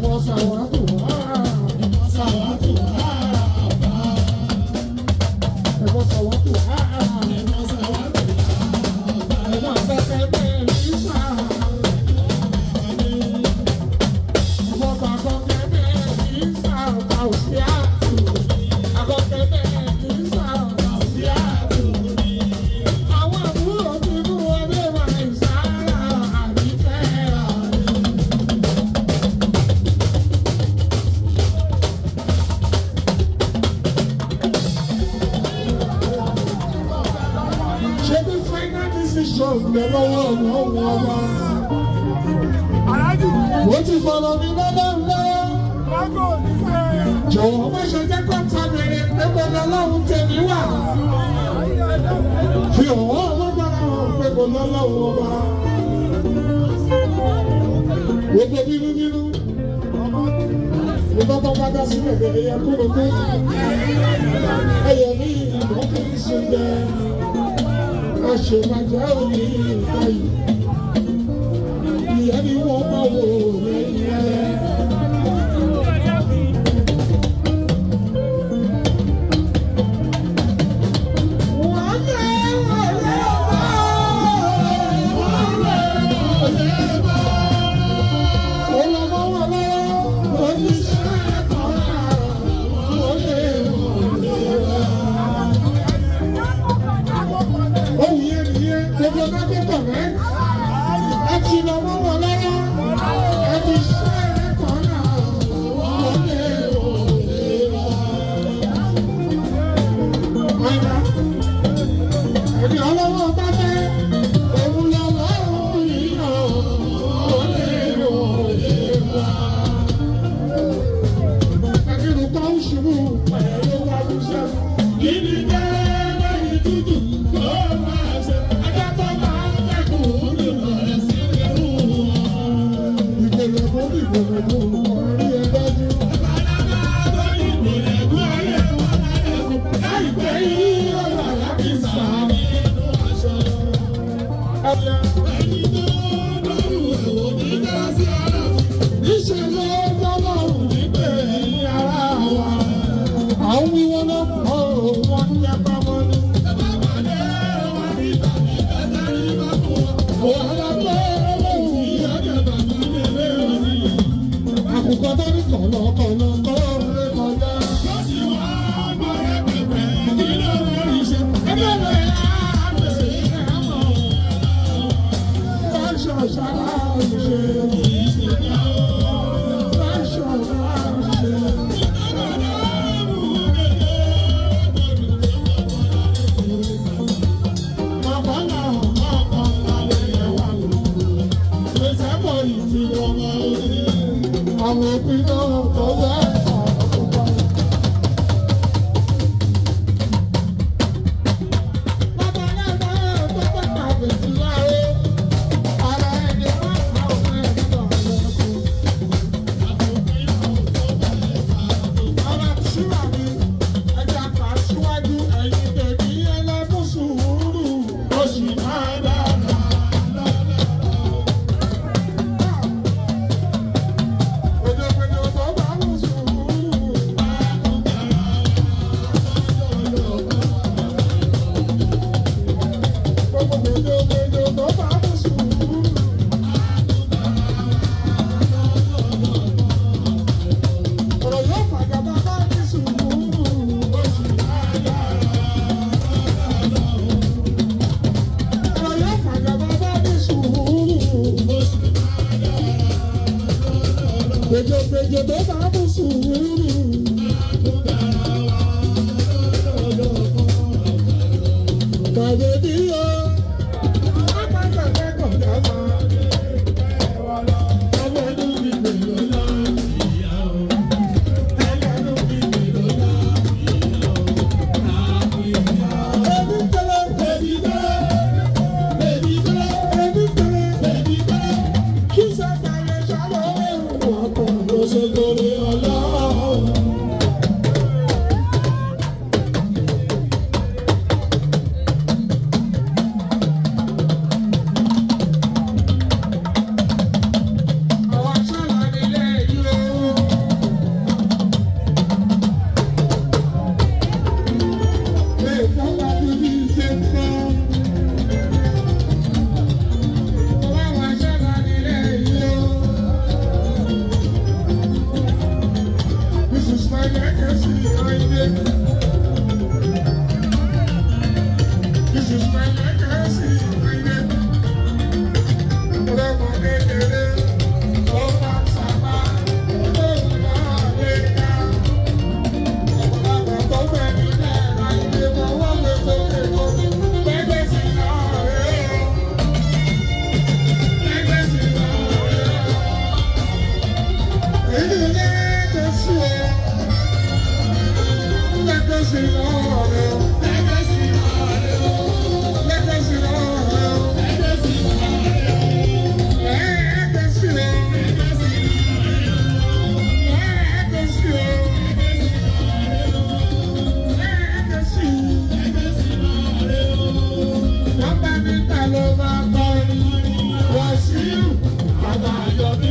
What's our sọ̀rọ̀ mi lọ́dọ̀ ńlá. Jọ̀wọ́ má ṣe jẹ́ kó ta bèrè pé bọ́lá lọ́hùn tèmi wà. Fi ọ̀wọ́ ọlọ́gbàrá hàn pé bọ́lá lọ́hùn ọba. Gbogbo mi wọ́n bá wò you away. Bye, baby. just might not bá níta ló máa kọrin wọ́n sí àbáyọ bí.